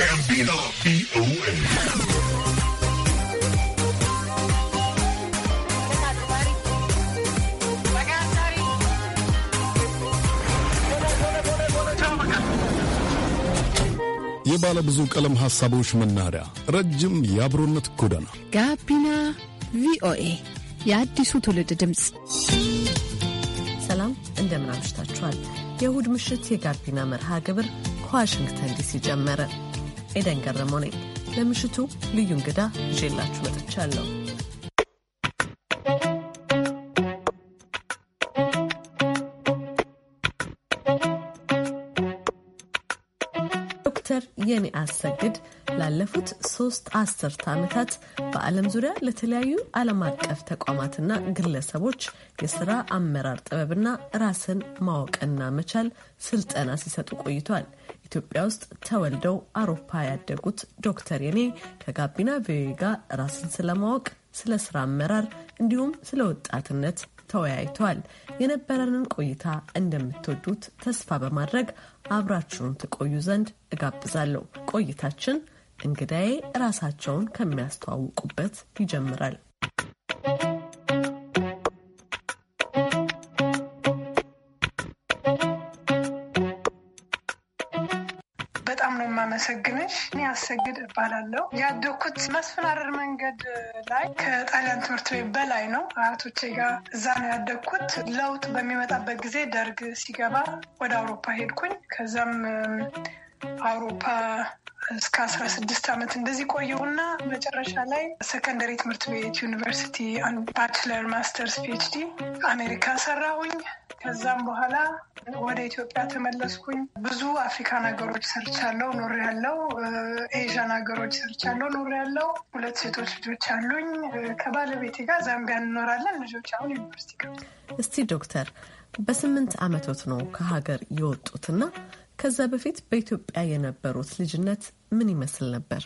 ጋቢና ቪኦኤ የባለ ብዙ ቀለም ሐሳቦች መናኸሪያ፣ ረጅም የአብሮነት ጎዳና ጋቢና ቪኦኤ የአዲሱ ትውልድ ድምፅ። ሰላም እንደምን አምሽታችኋል። የእሁድ ምሽት የጋቢና መርሃ ግብር ከዋሽንግተን ዲሲ ጀመረ። ኤደን ገረመው ነኝ። ለምሽቱ ልዩ እንግዳ ይዤላችሁ መጥቻለሁ። ዶክተር የኔ አሰግድ ላለፉት ሶስት አስርት ዓመታት በዓለም ዙሪያ ለተለያዩ ዓለም አቀፍ ተቋማትና ግለሰቦች የስራ አመራር ጥበብና ራስን ማወቅና መቻል ስልጠና ሲሰጡ ቆይቷል። ኢትዮጵያ ውስጥ ተወልደው አውሮፓ ያደጉት ዶክተር የኔ ከጋቢና ቪኦኤ ጋር ራስን ስለማወቅ፣ ስለ ስራ አመራር እንዲሁም ስለ ወጣትነት ተወያይተዋል። የነበረንን ቆይታ እንደምትወዱት ተስፋ በማድረግ አብራችሁን ትቆዩ ዘንድ እጋብዛለሁ። ቆይታችን እንግዳዬ ራሳቸውን ከሚያስተዋውቁበት ይጀምራል። ላመሰግንሽ። እኔ አሰግድ እባላለሁ። ያደኩት መስፍን መንገድ ላይ ከጣሊያን ትምህርት ቤት በላይ ነው። አያቶቼ ጋር እዛ ነው ያደግኩት። ለውጥ በሚመጣበት ጊዜ ደርግ ሲገባ ወደ አውሮፓ ሄድኩኝ። ከዛም አውሮፓ እስከ አስራ ስድስት ዓመት እንደዚህ ቆየውና መጨረሻ ላይ ሰከንደሪ ትምህርት ቤት ዩኒቨርሲቲ፣ ባችለር፣ ማስተርስ፣ ፒኤችዲ አሜሪካ ሰራሁኝ። ከዛም በኋላ ወደ ኢትዮጵያ ተመለስኩኝ። ብዙ አፍሪካን ሀገሮች ሰርቻለሁ፣ ኖር ያለው ኤዥያን ሀገሮች ሰርቻለሁ፣ ኖር ያለው ሁለት ሴቶች ልጆች አሉኝ። ከባለቤቴ ጋር ዛምቢያ እንኖራለን። ልጆች አሁን ዩኒቨርሲቲ ገ እስቲ ዶክተር በስምንት ዓመቶት ነው ከሀገር የወጡትና ከዛ በፊት በኢትዮጵያ የነበሩት ልጅነት ምን ይመስል ነበር?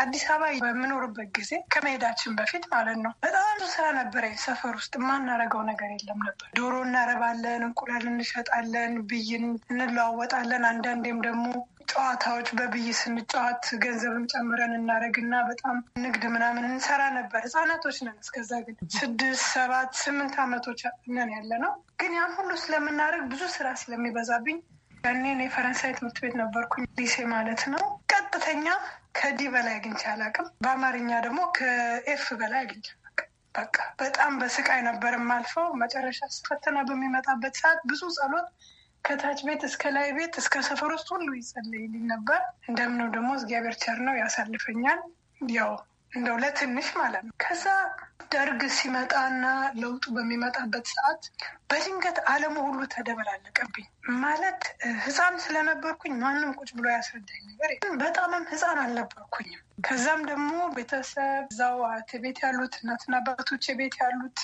አዲስ አበባ በምኖርበት ጊዜ ከመሄዳችን በፊት ማለት ነው በጣም ብዙ ስራ ነበረ። ሰፈር ውስጥ የማናረገው ነገር የለም ነበር። ዶሮ እናረባለን፣ እንቁላል እንሸጣለን፣ ብይን እንለዋወጣለን። አንዳንዴም ደግሞ ጨዋታዎች በብይ ስንጫወት ገንዘብም ጨምረን እናደርግና በጣም ንግድ ምናምን እንሰራ ነበር። ህጻናቶች ነን። እስከዛ ግን ስድስት ሰባት ስምንት ዓመቶች ነን ያለ ነው። ግን ያን ሁሉ ስለምናደርግ ብዙ ስራ ስለሚበዛብኝ ያኔ የፈረንሳይ ትምህርት ቤት ነበርኩኝ ሊሴ ማለት ነው ቀጥተኛ ከዲ በላይ አግኝቼ አላውቅም። በአማርኛ ደግሞ ከኤፍ በላይ አግኝቼ አላውቅም። በቃ በጣም በስቃይ ነበር የማልፈው። መጨረሻ ፈተና በሚመጣበት ሰዓት ብዙ ጸሎት ከታች ቤት እስከ ላይ ቤት እስከ ሰፈር ውስጥ ሁሉ ይጸለይልኝ ነበር። እንደምንም ደግሞ እግዚአብሔር ቸር ነው ያሳልፈኛል። ያው እንደው ለትንሽ ማለት ነው። ከዛ ደርግ ሲመጣና ለውጡ በሚመጣበት ሰዓት በድንገት ዓለሙ ሁሉ ተደበላለቀብኝ። ማለት ሕፃን ስለነበርኩኝ ማንም ቁጭ ብሎ ያስረዳኝ ነገር በጣምም ሕፃን አልነበርኩኝም። ከዛም ደግሞ ቤተሰብ እዛው ቤት ያሉት እናትና አባቶች ቤት ያሉት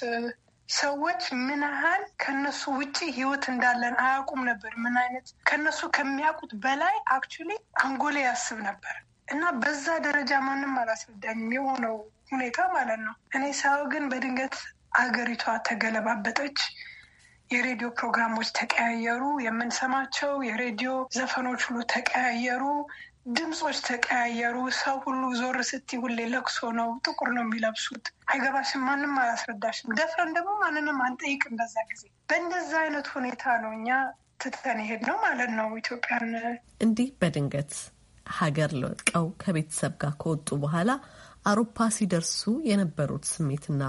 ሰዎች ምን ያህል ከነሱ ውጪ ህይወት እንዳለን አያውቁም ነበር። ምን አይነት ከነሱ ከሚያውቁት በላይ አክቹሊ አንጎሌ ያስብ ነበር። እና በዛ ደረጃ ማንም አላስረዳኝም የሆነው ሁኔታ ማለት ነው። እኔ ሳው ግን በድንገት አገሪቷ ተገለባበጠች። የሬዲዮ ፕሮግራሞች ተቀያየሩ። የምንሰማቸው የሬዲዮ ዘፈኖች ሁሉ ተቀያየሩ። ድምፆች ተቀያየሩ። ሰው ሁሉ ዞር ስቲ ሁሌ ለቅሶ ነው፣ ጥቁር ነው የሚለብሱት። አይገባሽም፣ ማንም አላስረዳሽም። ደፍረን ደግሞ ማንንም አንጠይቅም። በዛ ጊዜ በእንደዛ አይነት ሁኔታ ነው እኛ ትተን ይሄድ ነው ማለት ነው ኢትዮጵያን እንዲህ በድንገት ሀገር ለቀው ከቤተሰብ ጋር ከወጡ በኋላ አውሮፓ ሲደርሱ የነበሩት ስሜትና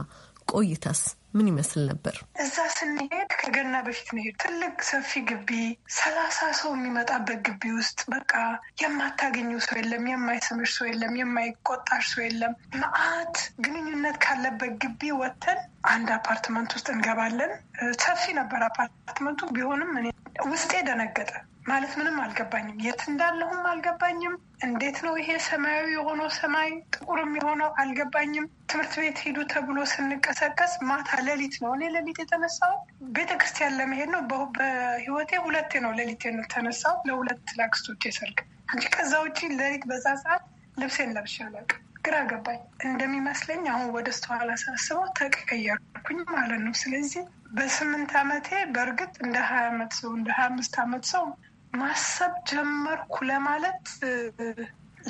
ቆይታስ ምን ይመስል ነበር? እዛ ስንሄድ ከገና በፊት ነው ትልቅ ሰፊ ግቢ፣ ሰላሳ ሰው የሚመጣበት ግቢ ውስጥ በቃ የማታገኘው ሰው የለም፣ የማይስምሽ ሰው የለም፣ የማይቆጣሽ ሰው የለም። መዓት ግንኙነት ካለበት ግቢ ወጥተን አንድ አፓርትመንት ውስጥ እንገባለን። ሰፊ ነበር አፓርትመንቱ ቢሆንም እኔ ውስጤ ደነገጠ። ማለት ምንም አልገባኝም። የት እንዳለሁም አልገባኝም። እንዴት ነው ይሄ ሰማያዊ የሆነው ሰማይ ጥቁርም የሆነው አልገባኝም። ትምህርት ቤት ሂዱ ተብሎ ስንቀሰቀስ ማታ ሌሊት ነው። እኔ ሌሊት የተነሳው ቤተ ክርስቲያን ለመሄድ ነው። በህይወቴ ሁለቴ ነው ሌሊት የተነሳው ለሁለት ላክስቶች የሰርግ እንጂ ከዛ ውጭ ሌሊት በዛ ሰዓት ልብሴን ለብሼ አላውቅም። ግራ ገባኝ። እንደሚመስለኝ አሁን ወደ ስተኋላ ሳስበው ተቀየርኩኝ ማለት ነው። ስለዚህ በስምንት ዓመቴ በእርግጥ እንደ ሀያ ዓመት ሰው እንደ ሀያ አምስት ዓመት ሰው ማሰብ ጀመርኩ ለማለት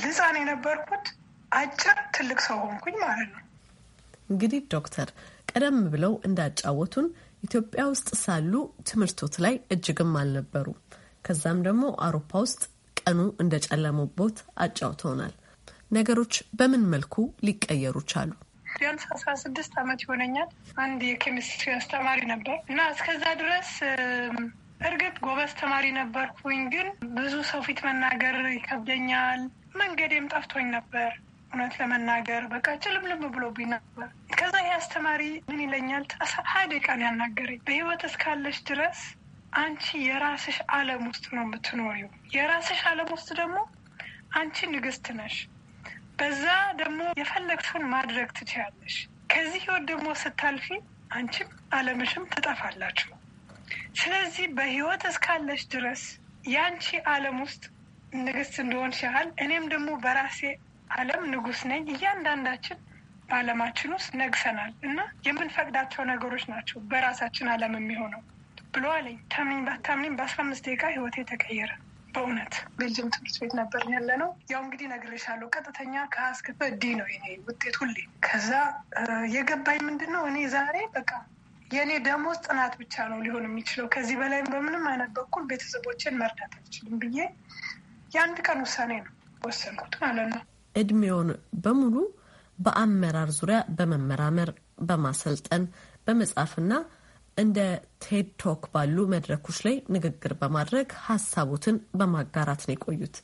ልፃን የነበርኩት አጭር ትልቅ ሰው ሆንኩኝ ማለት ነው። እንግዲህ ዶክተር ቀደም ብለው እንዳጫወቱን ኢትዮጵያ ውስጥ ሳሉ ትምህርቶት ላይ እጅግም አልነበሩ። ከዛም ደግሞ አውሮፓ ውስጥ ቀኑ እንደጨለሙቦት አጫውተውናል። ነገሮች በምን መልኩ ሊቀየሩ ቻሉ? ቢያንስ አስራ ስድስት አመት ይሆነኛል። አንድ የኬሚስትሪ አስተማሪ ነበር እና እስከዛ ድረስ እርግጥ ጎበዝ ተማሪ ነበርኩኝ፣ ግን ብዙ ሰው ፊት መናገር ይከብደኛል። መንገዴም ጠፍቶኝ ነበር። እውነት ለመናገር በቃ ጭልምልም ብሎብኝ ነበር። ከዛ ይህ አስተማሪ ምን ይለኛል? ሀያ ደቂቃ ነው ያናገረኝ። በህይወት እስካለሽ ድረስ አንቺ የራስሽ ዓለም ውስጥ ነው የምትኖሪው። የራስሽ ዓለም ውስጥ ደግሞ አንቺ ንግስት ነሽ። በዛ ደግሞ የፈለግሽውን ማድረግ ትችያለሽ። ከዚህ ህይወት ደግሞ ስታልፊ አንቺም ዓለምሽም ትጠፋላችሁ። ስለዚህ በህይወት እስካለች ድረስ ያንቺ አለም ውስጥ ንግስት እንደሆንሽ ያህል እኔም ደግሞ በራሴ አለም ንጉስ ነኝ። እያንዳንዳችን በአለማችን ውስጥ ነግሰናል እና የምንፈቅዳቸው ነገሮች ናቸው በራሳችን አለም የሚሆነው ብሎ አለኝ። ታምኝ ባታምኝ በአስራ አምስት ደቂቃ ህይወቴ ተቀየረ። በእውነት ቤልጅም ትምህርት ቤት ነበር ያለ ነው። ያው እንግዲህ እነግርሻለሁ፣ ቀጥተኛ ከአስክፈ ዲ ነው የኔ ውጤት ሁሌ። ከዛ የገባኝ ምንድን ነው እኔ ዛሬ በቃ የእኔ ደሞዝ ጥናት ብቻ ነው ሊሆን የሚችለው። ከዚህ በላይም በምንም አይነት በኩል ቤተሰቦችን መርዳት አልችልም ብዬ የአንድ ቀን ውሳኔ ነው ወሰንኩት ማለት ነው። እድሜውን በሙሉ በአመራር ዙሪያ በመመራመር በማሰልጠን በመጻፍና እንደ ቴድ ቶክ ባሉ መድረኮች ላይ ንግግር በማድረግ ሀሳቦትን በማጋራት ነው የቆዩት።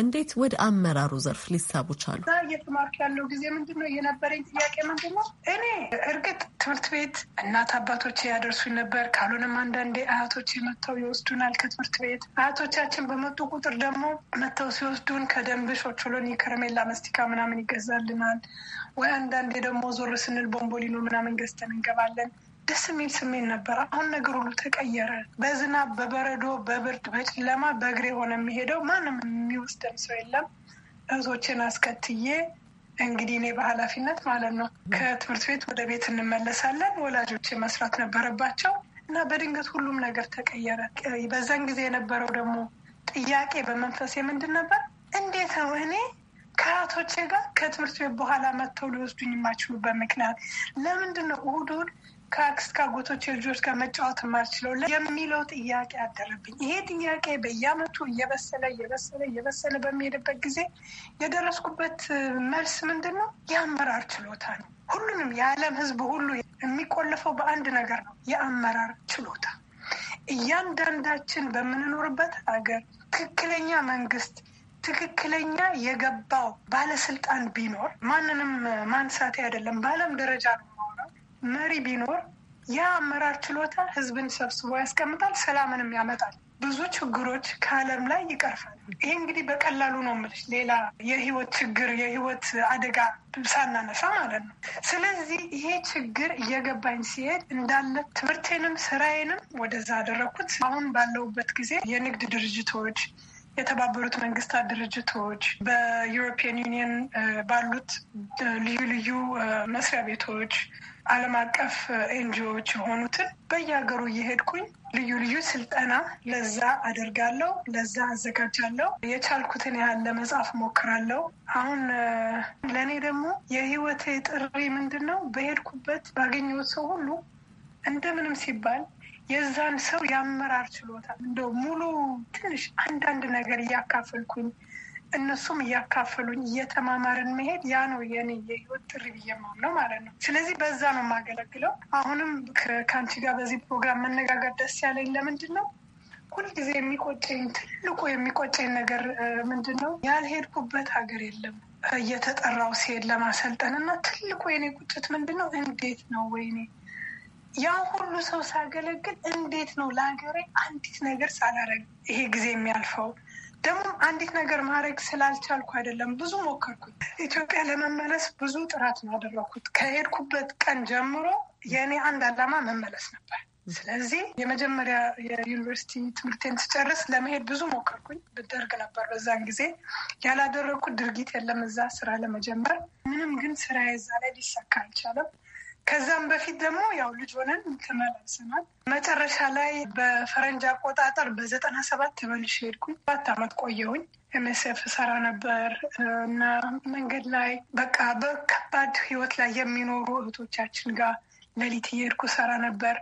እንዴት ወደ አመራሩ ዘርፍ ሊሳቡ ቻሉ? እዛ ያለው ጊዜ ምንድን ነው የነበረኝ ጥያቄ ምንድን ነው እኔ እርግጥ ትምህርት ቤት እናት አባቶቼ ያደርሱኝ ነበር። ካልሆነም አንዳንዴ አያቶቼ መጥተው ይወስዱናል ከትምህርት ቤት። አያቶቻችን በመጡ ቁጥር ደግሞ መጥተው ሲወስዱን ከደንብ ኦቾሎኒ፣ ከረሜላ፣ መስቲካ ምናምን ይገዛልናል ወይ አንዳንዴ ደግሞ ዞር ስንል ቦምቦሊኖ ምናምን ገዝተን እንገባለን። ደስ የሚል ስሜት ነበረ። አሁን ነገር ሁሉ ተቀየረ። በዝናብ፣ በበረዶ፣ በብርድ፣ በጨለማ በእግር የሆነ የሚሄደው ማንም የሚወስደን ሰው የለም። እህቶችን አስከትዬ እንግዲህ እኔ በኃላፊነት ማለት ነው ከትምህርት ቤት ወደ ቤት እንመለሳለን። ወላጆች መስራት ነበረባቸው እና በድንገት ሁሉም ነገር ተቀየረ። በዛን ጊዜ የነበረው ደግሞ ጥያቄ በመንፈስ የምንድን ነበር? እንዴት ነው እኔ ከአያቶቼ ጋር ከትምህርት ቤት በኋላ መጥተው ሊወስዱኝ የማይችሉበት ምክንያት ለምንድን ነው? እሑድ እሑድ ከአክስት ካጎቶች ልጆች ጋር መጫወት የማልችለው የሚለው ጥያቄ አደረብኝ። ይሄ ጥያቄ በየአመቱ እየበሰለ እየበሰለ እየበሰለ በሚሄድበት ጊዜ የደረስኩበት መልስ ምንድን ነው? የአመራር ችሎታ ነው። ሁሉንም የዓለም ሕዝብ ሁሉ የሚቆለፈው በአንድ ነገር ነው፣ የአመራር ችሎታ። እያንዳንዳችን በምንኖርበት ሀገር ትክክለኛ መንግስት ትክክለኛ የገባው ባለስልጣን ቢኖር ማንንም ማንሳት አይደለም፣ በዓለም ደረጃ ነው መሪ ቢኖር ያ አመራር ችሎታ ህዝብን ሰብስቦ ያስቀምጣል፣ ሰላምንም ያመጣል፣ ብዙ ችግሮች ከዓለም ላይ ይቀርፋል። ይሄ እንግዲህ በቀላሉ ነው የምልሽ፣ ሌላ የህይወት ችግር የህይወት አደጋ ሳናነሳ ማለት ነው። ስለዚህ ይሄ ችግር እየገባኝ ሲሄድ እንዳለ ትምህርቴንም ስራዬንም ወደዛ አደረግኩት። አሁን ባለሁበት ጊዜ የንግድ ድርጅቶች የተባበሩት መንግስታት ድርጅቶች በዩሮፒያን ዩኒየን ባሉት ልዩ ልዩ መስሪያ ቤቶች ዓለም አቀፍ ኤንጂኦዎች የሆኑትን በየሀገሩ እየሄድኩኝ ልዩ ልዩ ስልጠና ለዛ አደርጋለሁ፣ ለዛ አዘጋጃለሁ። የቻልኩትን ያህል ለመጻፍ ሞክራለሁ። አሁን ለእኔ ደግሞ የህይወቴ ጥሪ ምንድን ነው? በሄድኩበት ባገኘሁት ሰው ሁሉ እንደምንም ሲባል የዛን ሰው የአመራር ችሎታ እንደ ሙሉ ትንሽ አንዳንድ ነገር እያካፈልኩኝ እነሱም እያካፈሉኝ እየተማማርን መሄድ ያ ነው የኔ የህይወት ጥሪ ብዬ ነው ማለት ነው። ስለዚህ በዛ ነው የማገለግለው። አሁንም ከአንቺ ጋር በዚህ ፕሮግራም መነጋገር ደስ ያለኝ ለምንድን ነው? ሁልጊዜ የሚቆጨኝ ትልቁ የሚቆጨኝ ነገር ምንድን ነው? ያልሄድኩበት ሀገር የለም እየተጠራው ሲሄድ ለማሰልጠን እና ትልቁ የኔ ቁጭት ምንድን ነው? እንዴት ነው ወይኔ ያ ሁሉ ሰው ሳገለግል እንዴት ነው ለሀገሬ አንዲት ነገር ሳላረግ ይሄ ጊዜ የሚያልፈው? ደግሞ አንዲት ነገር ማድረግ ስላልቻልኩ አይደለም። ብዙ ሞከርኩት። ኢትዮጵያ ለመመለስ ብዙ ጥራት ነው ያደረኩት። ከሄድኩበት ቀን ጀምሮ የእኔ አንድ አላማ መመለስ ነበር። ስለዚህ የመጀመሪያ የዩኒቨርሲቲ ትምህርቴን ስጨርስ ለመሄድ ብዙ ሞከርኩኝ። ብደርግ ነበር በዛን ጊዜ ያላደረግኩት ድርጊት የለም። እዛ ስራ ለመጀመር ምንም ግን ስራ የዛ ላይ ሊሰካ አልቻለም። ከዛም በፊት ደግሞ ያው ልጅ ሆነን ተመላልሰናል። መጨረሻ ላይ በፈረንጅ አቆጣጠር በዘጠና ሰባት ተመልሼ ሄድኩኝ። ሰባት አመት ቆየሁኝ። ኤምኤስኤፍ ሰራ ነበር እና መንገድ ላይ በቃ በከባድ ህይወት ላይ የሚኖሩ እህቶቻችን ጋር ሌሊት እየሄድኩ ሰራ ነበር።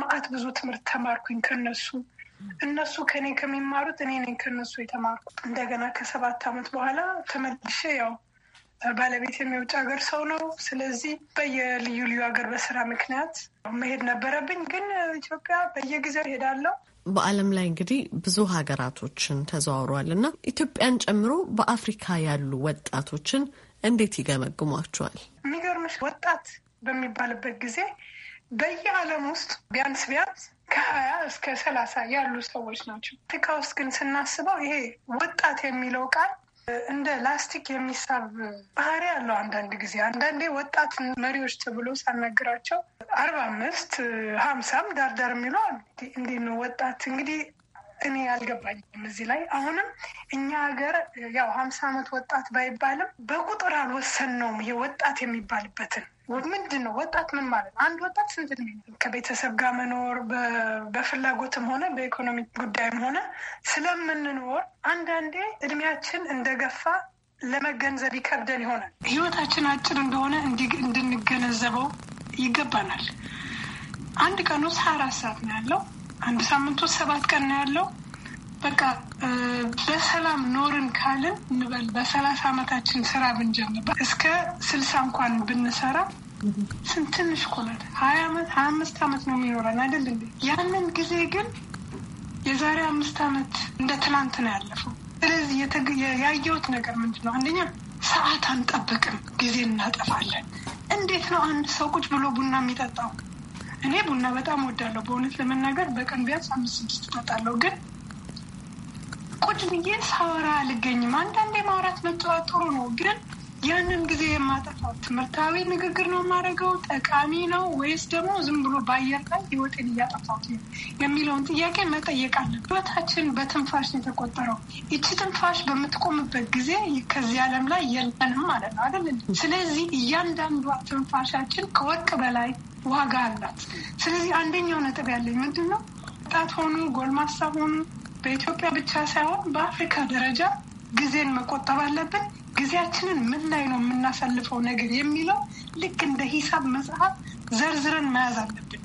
ማአት ብዙ ትምህርት ተማርኩኝ ከነሱ እነሱ ከኔ ከሚማሩት እኔ ነኝ ከነሱ የተማርኩት። እንደገና ከሰባት አመት በኋላ ተመልሼ ያው ባለቤት የሚወጭ ሀገር ሰው ነው። ስለዚህ በየልዩ ልዩ ሀገር በስራ ምክንያት መሄድ ነበረብኝ፣ ግን ኢትዮጵያ በየጊዜው ሄዳለው በዓለም ላይ እንግዲህ ብዙ ሀገራቶችን ተዘዋውሯል እና ኢትዮጵያን ጨምሮ በአፍሪካ ያሉ ወጣቶችን እንዴት ይገመግሟቸዋል? የሚገርምሽ ወጣት በሚባልበት ጊዜ በየዓለም ውስጥ ቢያንስ ቢያንስ ከሀያ እስከ ሰላሳ ያሉ ሰዎች ናቸው። አፍሪካ ውስጥ ግን ስናስበው ይሄ ወጣት የሚለው ቃል እንደ ላስቲክ የሚሳብ ባህሪ ያለው አንዳንድ ጊዜ አንዳንዴ ወጣት መሪዎች ተብሎ ሳነግራቸው አርባ አምስት ሀምሳም ዳርዳር የሚሉ አሉ። እንዲህ ነው ወጣት እንግዲህ እኔ ያልገባኝም እዚህ ላይ አሁንም እኛ ሀገር ያው ሀምሳ ዓመት ወጣት ባይባልም በቁጥር አልወሰንነውም። ይሄ ወጣት የሚባልበትን ምንድን ነው ወጣት ምን ማለት ነው? አንድ ወጣት ስንት እድሜ ከቤተሰብ ጋር መኖር በፍላጎትም ሆነ በኢኮኖሚ ጉዳይም ሆነ ስለምንኖር አንዳንዴ እድሜያችን እንደገፋ ለመገንዘብ ይከብደን ይሆናል። ህይወታችን አጭር እንደሆነ እንድንገነዘበው ይገባናል። አንድ ቀን ውስጥ ሀያ አራት ሰዓት ነው ያለው አንድ ሳምንት ሰባት ቀን ነው ያለው። በቃ በሰላም ኖርን ካልን እንበል በሰላሳ ዓመታችን ስራ ብንጀምር እስከ ስልሳ እንኳን ብንሰራ ስንት ትንሽ እኮ ናት። ሀያ ዓመት ሀያ አምስት አመት ነው የሚኖረን አይደል እንዴ? ያንን ጊዜ ግን የዛሬ አምስት አመት እንደ ትናንት ነው ያለፈው። ስለዚህ ያየሁት ነገር ምንድን ነው? አንደኛ ሰዓት አንጠብቅም፣ ጊዜ እናጠፋለን። እንዴት ነው አንድ ሰው ቁጭ ብሎ ቡና የሚጠጣው? እኔ ቡና በጣም ወዳለሁ። በእውነት ለመናገር በቀን ቢያንስ አምስት ስድስት እጠጣለሁ። ግን ቁጭ ብዬ ሳወራ አልገኝም። አንዳንዴ ማውራት መጫወት ጥሩ ነው። ግን ያንን ጊዜ የማጠፋው ትምህርታዊ ንግግር ነው የማደርገው ጠቃሚ ነው ወይስ ደግሞ ዝም ብሎ በአየር ላይ ህይወቴን እያጠፋት የሚለውን ጥያቄ መጠየቅ አለ። ህይወታችን በትንፋሽ ነው የተቆጠረው። ይቺ ትንፋሽ በምትቆምበት ጊዜ ከዚህ ዓለም ላይ የለንም ማለት ነው አይደል? ስለዚህ እያንዳንዷ ትንፋሻችን ከወርቅ በላይ ዋጋ አላት። ስለዚህ አንደኛው ነጥብ ያለኝ ምንድን ነው ወጣት ሆኑ ጎልማሳ ሆኑ በኢትዮጵያ ብቻ ሳይሆን በአፍሪካ ደረጃ ጊዜን መቆጠብ አለብን። ጊዜያችንን ምን ላይ ነው የምናሳልፈው ነገር የሚለው ልክ እንደ ሂሳብ መጽሐፍ ዘርዝረን መያዝ አለብን።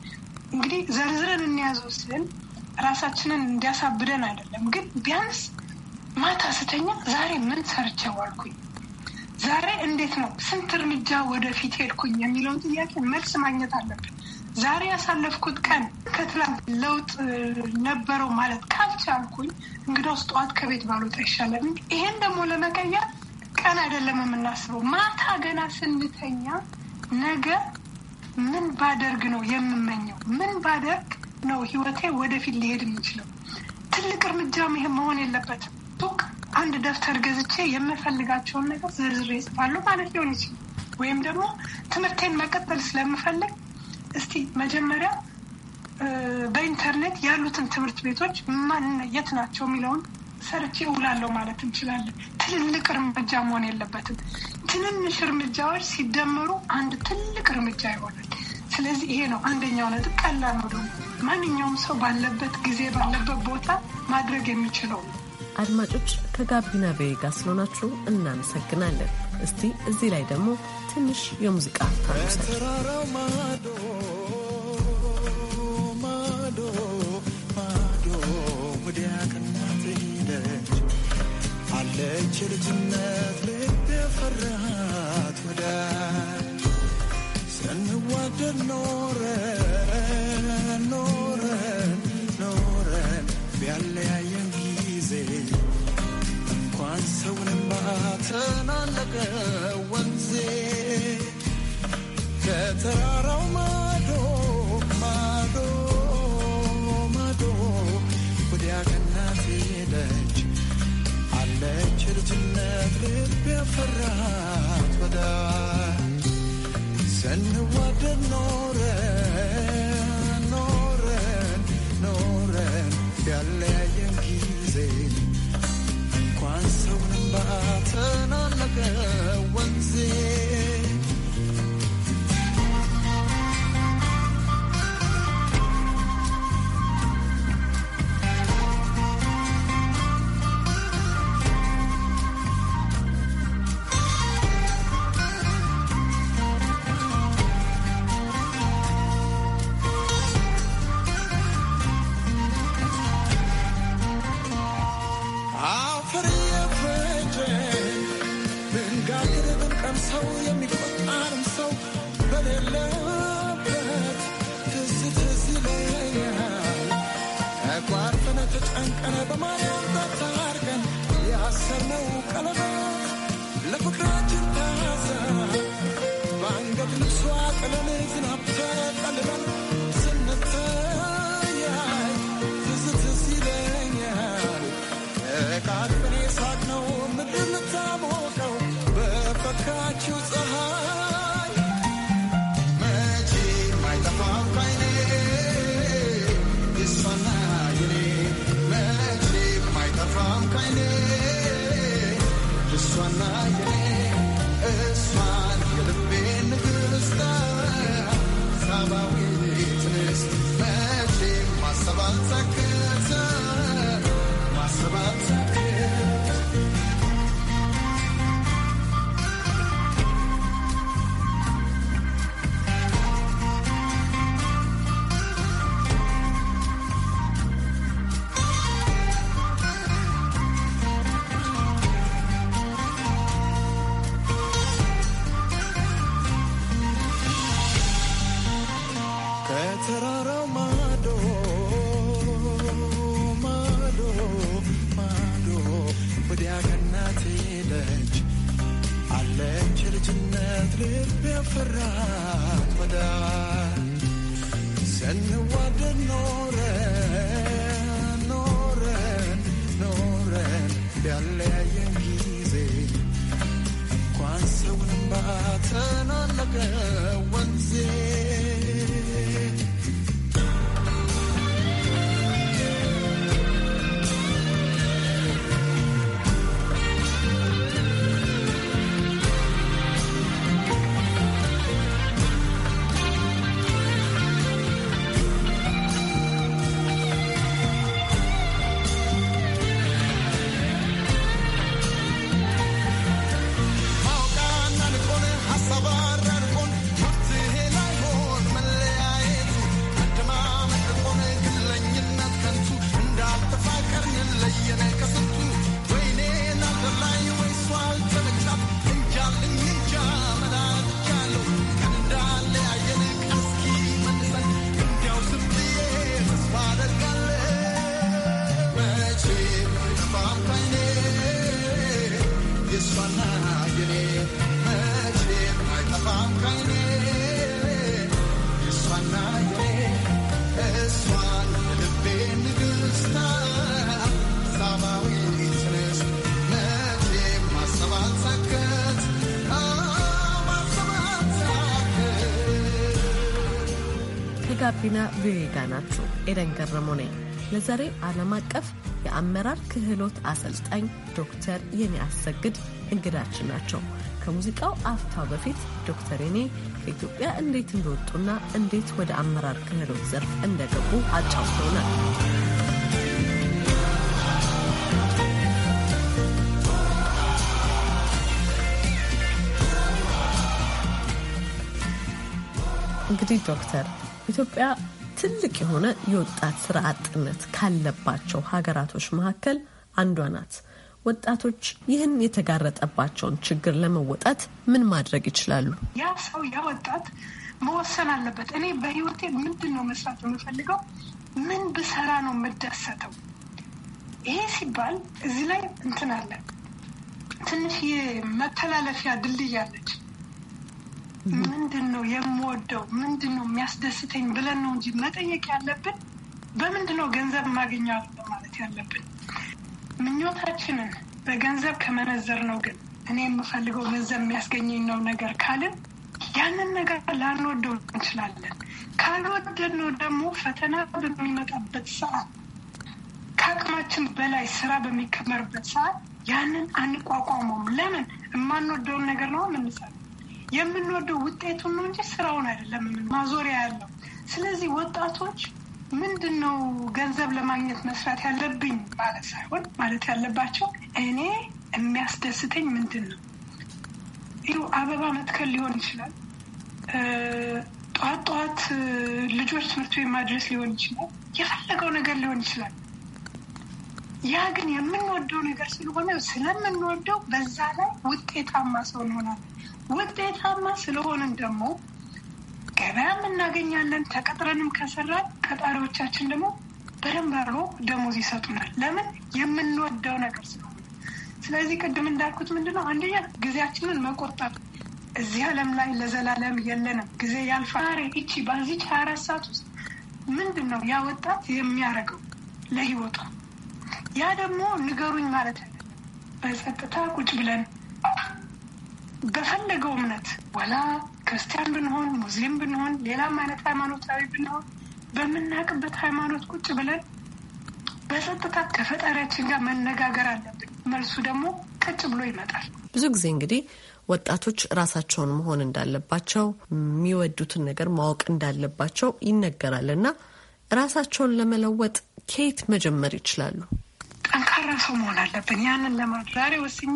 እንግዲህ ዘርዝረን እንያዘው ስል ራሳችንን እንዲያሳብደን አይደለም፣ ግን ቢያንስ ማታ ስተኛ ዛሬ ምን ሰርቼ ዋልኩኝ ዛሬ እንዴት ነው ስንት እርምጃ ወደፊት ሄድኩኝ የሚለውን ጥያቄ መልስ ማግኘት አለብን። ዛሬ ያሳለፍኩት ቀን ከትላንት ለውጥ ነበረው ማለት ካልቻልኩኝ እንግዲያውስ ጠዋት ከቤት ባልወጣ ይሻላል። ይሄን ደግሞ ለመቀየር ቀን አይደለም የምናስበው፣ ማታ ገና ስንተኛ ነገ ምን ባደርግ ነው የምመኘው፣ ምን ባደርግ ነው ህይወቴ ወደፊት ሊሄድ የሚችለው። ትልቅ እርምጃ ይሄ መሆን የለበትም። አንድ ደብተር ገዝቼ የምፈልጋቸውን ነገር ዝርዝር ይጽፋሉ ማለት ሊሆን ይችላል። ወይም ደግሞ ትምህርቴን መቀጠል ስለምፈልግ እስቲ መጀመሪያ በኢንተርኔት ያሉትን ትምህርት ቤቶች ማን የት ናቸው የሚለውን ሰርቼ እውላለሁ ማለት እንችላለን። ትልልቅ እርምጃ መሆን የለበትም። ትንንሽ እርምጃዎች ሲደመሩ አንድ ትልቅ እርምጃ ይሆናል። ስለዚህ ይሄ ነው አንደኛው ነጥብ። ቀላል ነው ደግሞ ማንኛውም ሰው ባለበት ጊዜ ባለበት ቦታ ማድረግ የሚችለው ነው። አድማጮች ከጋቢና ቤ ጋር ስለሆናችሁ እናመሰግናለን። እስቲ እዚህ ላይ ደግሞ ትንሽ የሙዚቃ ታንሰ አለች ልጅነት ልብ ፈራት ወዳ ስንዋደድ ኖረ ሰውንማ ተናነቀ ወንዜ ከተራራው ማዶ ማዶ ማዶ ወዲያ ገናት ሄደች አለች ልጅነት ልብ ያፈራት ወዳ ስንዋደድ ኖረን ኖረን ኖረን ያለያየን ጊዜ እንኳን ሰው But I turn on like a onesie Sabah ፍርሃት መዳን ስንዋደድ ኖረን ኖረን ኖረን ያለያየን ጊዜ እንኳን ሰውንም ባተናነቀ ወንዜ ቪሬጋ ናችሁ። ኤደን ገረሙ ነኝ። ለዛሬ ዓለም አቀፍ የአመራር ክህሎት አሰልጣኝ ዶክተር የኔ አሰግድ እንግዳችን ናቸው። ከሙዚቃው አፍታ በፊት ዶክተር የኔ ከኢትዮጵያ እንዴት እንደወጡና እንዴት ወደ አመራር ክህሎት ዘርፍ እንደገቡ አጫውተውናል። እንግዲህ ዶክተር ኢትዮጵያ ትልቅ የሆነ የወጣት ስራ አጥነት ካለባቸው ሀገራቶች መካከል አንዷ ናት። ወጣቶች ይህን የተጋረጠባቸውን ችግር ለመወጣት ምን ማድረግ ይችላሉ? ያ ሰው ያ ወጣት መወሰን አለበት። እኔ በህይወቴ ምንድን ነው መስራት የምፈልገው? ምን ብሰራ ነው የምደሰተው? ይሄ ሲባል እዚህ ላይ እንትን አለ። ትንሽ መተላለፊያ ድልድይ አለች። ምንድን ነው የምወደው፣ ምንድን ነው የሚያስደስተኝ ብለን ነው እንጂ መጠየቅ ያለብን በምንድን ነው ገንዘብ ማግኘት ማለት ያለብን። ምኞታችንን በገንዘብ ከመነዘር ነው። ግን እኔ የምፈልገው ገንዘብ የሚያስገኘኝ ነው ነገር ካልን ያንን ነገር ላንወደው እንችላለን። ካልወደድነው ደግሞ ፈተና በሚመጣበት ሰዓት፣ ከአቅማችን በላይ ስራ በሚከመርበት ሰዓት ያንን አንቋቋመውም። ለምን? የማንወደውን ነገር ነው የምንሰራው። የምንወደው ውጤቱን ነው እንጂ ስራውን አይደለም ማዞሪያ ያለው። ስለዚህ ወጣቶች ምንድን ነው ገንዘብ ለማግኘት መስራት ያለብኝ ማለት ሳይሆን ማለት ያለባቸው እኔ የሚያስደስተኝ ምንድን ነው። ይኸው አበባ መትከል ሊሆን ይችላል። ጠዋት ጠዋት ልጆች ትምህርት ቤት ማድረስ ሊሆን ይችላል። የፈለገው ነገር ሊሆን ይችላል። ያ ግን የምንወደው ነገር ስለሆነ ስለምንወደው በዛ ላይ ውጤታማ ሰው እንሆናለን። ውጤታማ ስለሆንን ደግሞ ገበያም እናገኛለን። ተቀጥረንም ከሰራን ቀጣሪዎቻችን ደግሞ በደንብ አድርጎ ደሞዝ ይሰጡናል። ለምን የምንወደው ነገር ስለሆነ። ስለዚህ ቅድም እንዳልኩት ምንድነው አንደኛ ጊዜያችንን መቆጠብ። እዚህ ዓለም ላይ ለዘላለም የለንም፣ ጊዜ ያልፋል። እቺ በዚች ሀያ አራት ሰዓት ውስጥ ምንድን ነው ያ ወጣት የሚያደርገው ለህይወቱ? ያ ደግሞ ንገሩኝ ማለት በጸጥታ ቁጭ ብለን በፈለገው እምነት ወላ ክርስቲያን ብንሆን ሙስሊም ብንሆን ሌላም አይነት ሃይማኖታዊ ብንሆን በምናውቅበት ሃይማኖት ቁጭ ብለን በጸጥታ ከፈጣሪያችን ጋር መነጋገር አለብን። መልሱ ደግሞ ቀጭ ብሎ ይመጣል። ብዙ ጊዜ እንግዲህ ወጣቶች ራሳቸውን መሆን እንዳለባቸው የሚወዱትን ነገር ማወቅ እንዳለባቸው ይነገራል እና ራሳቸውን ለመለወጥ ከየት መጀመር ይችላሉ? ጠንካራ ሰው መሆን አለብን። ያንን ለማድረግ ዛሬ ወስኜ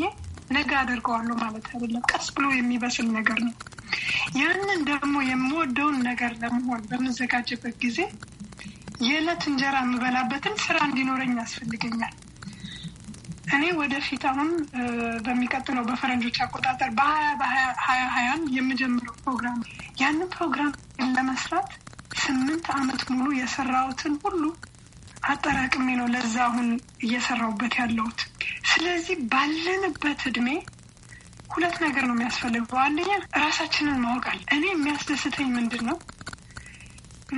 ነገ አደርገዋለሁ ማለት አይደለም። ቀስ ብሎ የሚበስል ነገር ነው። ያንን ደግሞ የምወደውን ነገር ለመሆን በምዘጋጅበት ጊዜ የዕለት እንጀራ የምበላበትን ስራ እንዲኖረኝ ያስፈልገኛል። እኔ ወደፊት አሁን በሚቀጥለው በፈረንጆች አቆጣጠር በሀያ በሀያ ሀያን የምጀምረው ፕሮግራም ያንን ፕሮግራም ለመስራት ስምንት ዓመት ሙሉ የሰራሁትን ሁሉ አጠራቅሜ ነው ለዛ አሁን እየሰራሁበት ያለሁት። ስለዚህ ባለንበት እድሜ ሁለት ነገር ነው የሚያስፈልገው። አንደኛ ራሳችንን ማወቃል። እኔ የሚያስደስተኝ ምንድን ነው?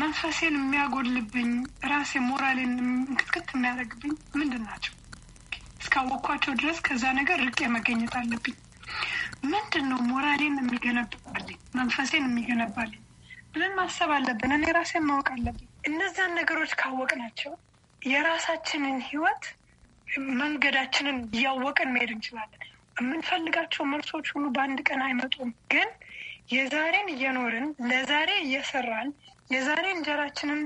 መንፈሴን የሚያጎልብኝ ራሴ ሞራሌን እንክትክት የሚያደርግብኝ ምንድን ናቸው? እስካወቅኳቸው ድረስ ከዛ ነገር ርቄ መገኘት አለብኝ። ምንድን ነው ሞራሌን የሚገነባልኝ መንፈሴን የሚገነባልኝ ብለን ማሰብ አለብን። እኔ ራሴን ማወቅ አለብኝ። እነዛን ነገሮች ካወቅናቸው የራሳችንን ህይወት መንገዳችንን እያወቅን መሄድ እንችላለን። የምንፈልጋቸው መልሶች ሁሉ በአንድ ቀን አይመጡም። ግን የዛሬን እየኖርን ለዛሬ እየሰራን የዛሬ እንጀራችንን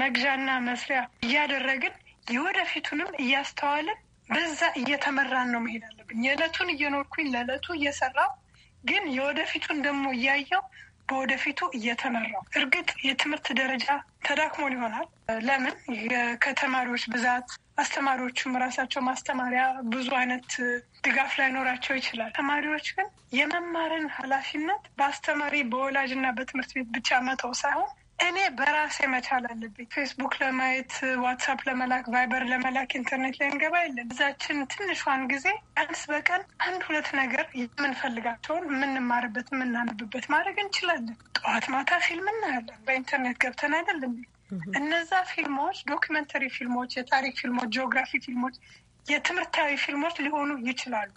መግዣና መስሪያ እያደረግን የወደፊቱንም እያስተዋልን በዛ እየተመራን ነው መሄድ አለብን። የዕለቱን እየኖርኩኝ ለዕለቱ እየሰራው ግን የወደፊቱን ደግሞ እያየው በወደፊቱ እየተመራው እርግጥ የትምህርት ደረጃ ተዳክሞን ይሆናል። ለምን ከተማሪዎች ብዛት አስተማሪዎቹም ራሳቸው ማስተማሪያ ብዙ አይነት ድጋፍ ላይኖራቸው ይችላል። ተማሪዎች ግን የመማርን ኃላፊነት በአስተማሪ በወላጅና በትምህርት ቤት ብቻ መተው ሳይሆን እኔ በራሴ መቻል አለብኝ። ፌስቡክ ለማየት፣ ዋትሳፕ ለመላክ፣ ቫይበር ለመላክ ኢንተርኔት ላይ እንገባ የለን። እዛችን ትንሿን ጊዜ ቀንስ በቀን አንድ ሁለት ነገር የምንፈልጋቸውን የምንማርበት የምናነብበት ማድረግ እንችላለን። ጠዋት ማታ ፊልም እናያለን። በኢንተርኔት ገብተን አይደለም እነዛ ፊልሞች ዶክመንተሪ ፊልሞች፣ የታሪክ ፊልሞች፣ ጂኦግራፊ ፊልሞች፣ የትምህርታዊ ፊልሞች ሊሆኑ ይችላሉ።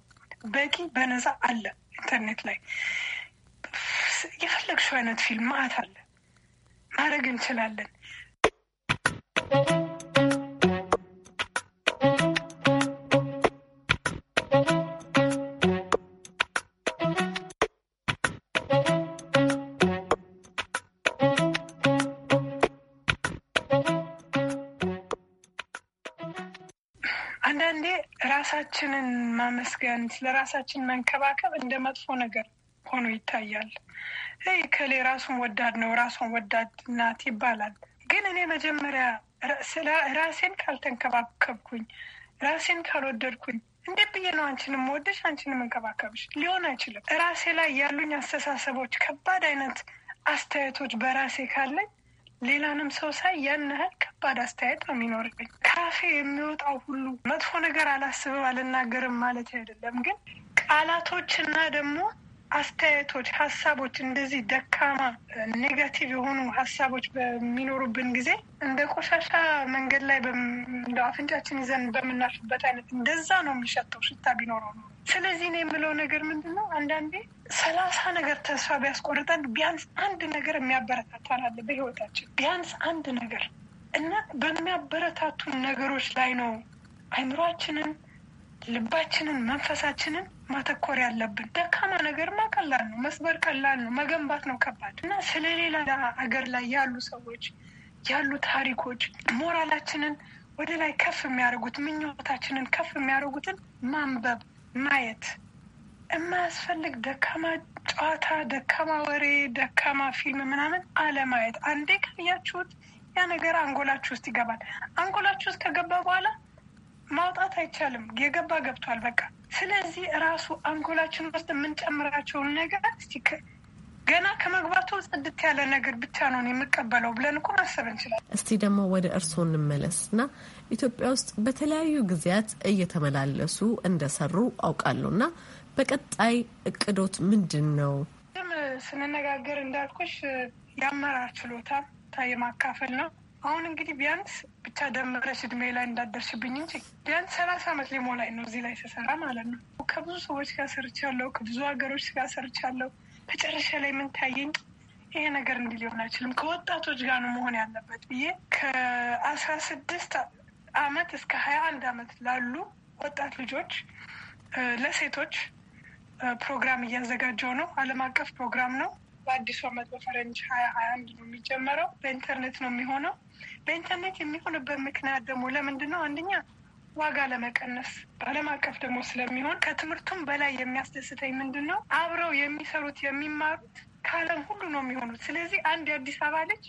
በቂ በነፃ አለ ኢንተርኔት ላይ የፈለግሽው አይነት ፊልም ማአት አለ። ማድረግ እንችላለን። አንዳንዴ ራሳችንን ማመስገን ስለ ራሳችን መንከባከብ እንደ መጥፎ ነገር ሆኖ ይታያል። ከሌ ራሱን ወዳድ ነው ራሱን ወዳድ ናት ይባላል። ግን እኔ መጀመሪያ ራሴን ካልተንከባከብኩኝ ራሴን ካልወደድኩኝ እንዴት ብዬ ነው አንቺንም ወደሽ አንቺንም እንከባከብሽ? ሊሆን አይችልም። ራሴ ላይ ያሉኝ አስተሳሰቦች፣ ከባድ አይነት አስተያየቶች በራሴ ካለኝ ሌላንም ሰው ሳይ ያን ያህል ከባድ አስተያየት ነው የሚኖርብኝ። ካፌ የሚወጣው ሁሉ መጥፎ ነገር አላስብም አልናገርም ማለት አይደለም። ግን ቃላቶችና ደግሞ አስተያየቶች፣ ሀሳቦች እንደዚህ ደካማ ኔጋቲቭ የሆኑ ሀሳቦች በሚኖሩብን ጊዜ እንደ ቆሻሻ መንገድ ላይ እንደ አፍንጫችን ይዘን በምናልፍበት አይነት እንደዛ ነው የሚሸተው ሽታ ቢኖረው ነው። ስለዚህ ነው የምለው ነገር ምንድን ነው፣ አንዳንዴ ሰላሳ ነገር ተስፋ ቢያስቆርጠን ቢያንስ አንድ ነገር የሚያበረታታን አለ በህይወታችን ቢያንስ አንድ ነገር እና በሚያበረታቱን ነገሮች ላይ ነው አይምሯችንን፣ ልባችንን፣ መንፈሳችንን ማተኮር ያለብን። ደካማ ነገርማ ቀላል ነው፣ መስበር ቀላል ነው፣ መገንባት ነው ከባድ እና ስለሌላ አገር ላይ ያሉ ሰዎች ያሉ ታሪኮች ሞራላችንን ወደ ላይ ከፍ የሚያደርጉት ምኞታችንን ከፍ የሚያደርጉትን ማንበብ ማየት የማያስፈልግ ደካማ ጨዋታ፣ ደካማ ወሬ፣ ደካማ ፊልም ምናምን አለማየት። አንዴ ካያችሁት ያ ነገር አንጎላችሁ ውስጥ ይገባል። አንጎላችሁ ውስጥ ከገባ በኋላ ማውጣት አይቻልም። የገባ ገብቷል በቃ። ስለዚህ ራሱ አንጎላችን ውስጥ የምንጨምራቸውን ነገር ገና ከመግባቱ ጽድት ያለ ነገር ብቻ ነው የምቀበለው ብለን እኮ ማሰብ እንችላለን። እስቲ ደግሞ ወደ እርስዎ እንመለስ እና ኢትዮጵያ ውስጥ በተለያዩ ጊዜያት እየተመላለሱ እንደሰሩ አውቃለሁ እና በቀጣይ እቅዶት ምንድን ነው? ስንነጋገር እንዳልኩሽ የአመራር ችሎታ ማካፈል ነው አሁን እንግዲህ ቢያንስ ብቻ ደመረች እድሜ ላይ እንዳደርስብኝ እንጂ ቢያንስ ሰላሳ ዓመት ሊሞላኝ ነው እዚህ ላይ ስሰራ ማለት ነው። ከብዙ ሰዎች ጋር ሰርቻለሁ፣ ከብዙ ሀገሮች ጋር ሰርቻለሁ። መጨረሻ ላይ ምን ታየኝ? ይሄ ነገር እንዲህ ሊሆን አይችልም፣ ከወጣቶች ጋር ነው መሆን ያለበት ብዬ ከአስራ ስድስት አመት እስከ ሀያ አንድ አመት ላሉ ወጣት ልጆች ለሴቶች ፕሮግራም እያዘጋጀው ነው። አለም አቀፍ ፕሮግራም ነው። በአዲሱ ዓመት በፈረንጅ ሀያ ሀያ አንድ ነው የሚጀመረው። በኢንተርኔት ነው የሚሆነው። በኢንተርኔት የሚሆንበት ምክንያት ደግሞ ለምንድን ነው? አንደኛ ዋጋ ለመቀነስ በዓለም አቀፍ ደግሞ ስለሚሆን፣ ከትምህርቱም በላይ የሚያስደስተኝ ምንድን ነው? አብረው የሚሰሩት የሚማሩት ከዓለም ሁሉ ነው የሚሆኑት። ስለዚህ አንድ የአዲስ አበባ ልጅ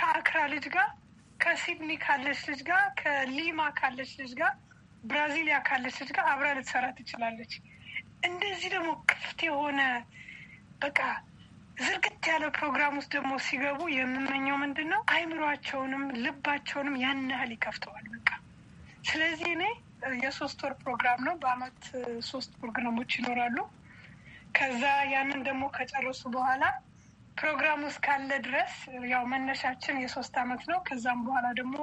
ከአክራ ልጅ ጋር፣ ከሲድኒ ካለች ልጅ ጋር፣ ከሊማ ካለች ልጅ ጋር፣ ብራዚሊያ ካለች ልጅ ጋር አብራ ልትሰራ ትችላለች። እንደዚህ ደግሞ ክፍት የሆነ በቃ ዝርግት ያለ ፕሮግራም ውስጥ ደግሞ ሲገቡ የምመኘው ምንድን ነው አይምሯቸውንም ልባቸውንም ያን ያህል ይከፍተዋል። በቃ ስለዚህ እኔ የሶስት ወር ፕሮግራም ነው። በአመት ሶስት ፕሮግራሞች ይኖራሉ። ከዛ ያንን ደግሞ ከጨረሱ በኋላ ፕሮግራሙ እስካለ ድረስ ያው መነሻችን የሶስት አመት ነው። ከዛም በኋላ ደግሞ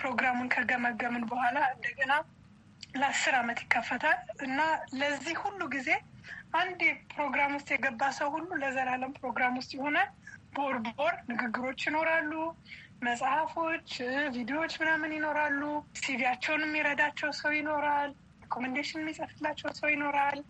ፕሮግራሙን ከገመገምን በኋላ እንደገና ለአስር አመት ይከፈታል እና ለዚህ ሁሉ ጊዜ አንድ ፕሮግራም ውስጥ የገባ ሰው ሁሉ ለዘላለም ፕሮግራም ውስጥ ይሆናል። ቦር ቦር ንግግሮች ይኖራሉ፣ መጽሐፎች፣ ቪዲዮዎች ምናምን ይኖራሉ። ሲቪያቸውን የሚረዳቸው ሰው ይኖራል፣ ሪኮሜንዴሽን የሚጽፍላቸው ሰው ይኖራል።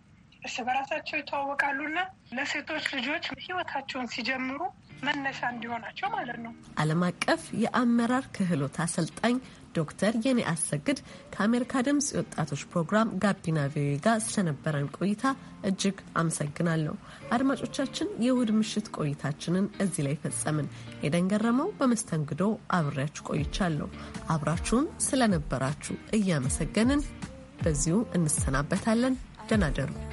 እርስ በራሳቸው ይተዋወቃሉ እና ለሴቶች ልጆች ህይወታቸውን ሲጀምሩ መነሻ እንዲሆናቸው ማለት ነው። ዓለም አቀፍ የአመራር ክህሎት አሰልጣኝ ዶክተር የኔ አሰግድ ከአሜሪካ ድምፅ የወጣቶች ፕሮግራም ጋቢና ቪኦኤ ጋር ስለነበረን ቆይታ እጅግ አመሰግናለሁ። አድማጮቻችን፣ የእሁድ ምሽት ቆይታችንን እዚህ ላይ ፈጸምን። ኤደን ገረመው በመስተንግዶ አብሬያችሁ ቆይቻለሁ። አብራችሁን ስለነበራችሁ እያመሰገንን በዚሁ እንሰናበታለን። ደናደሩ ደሩ።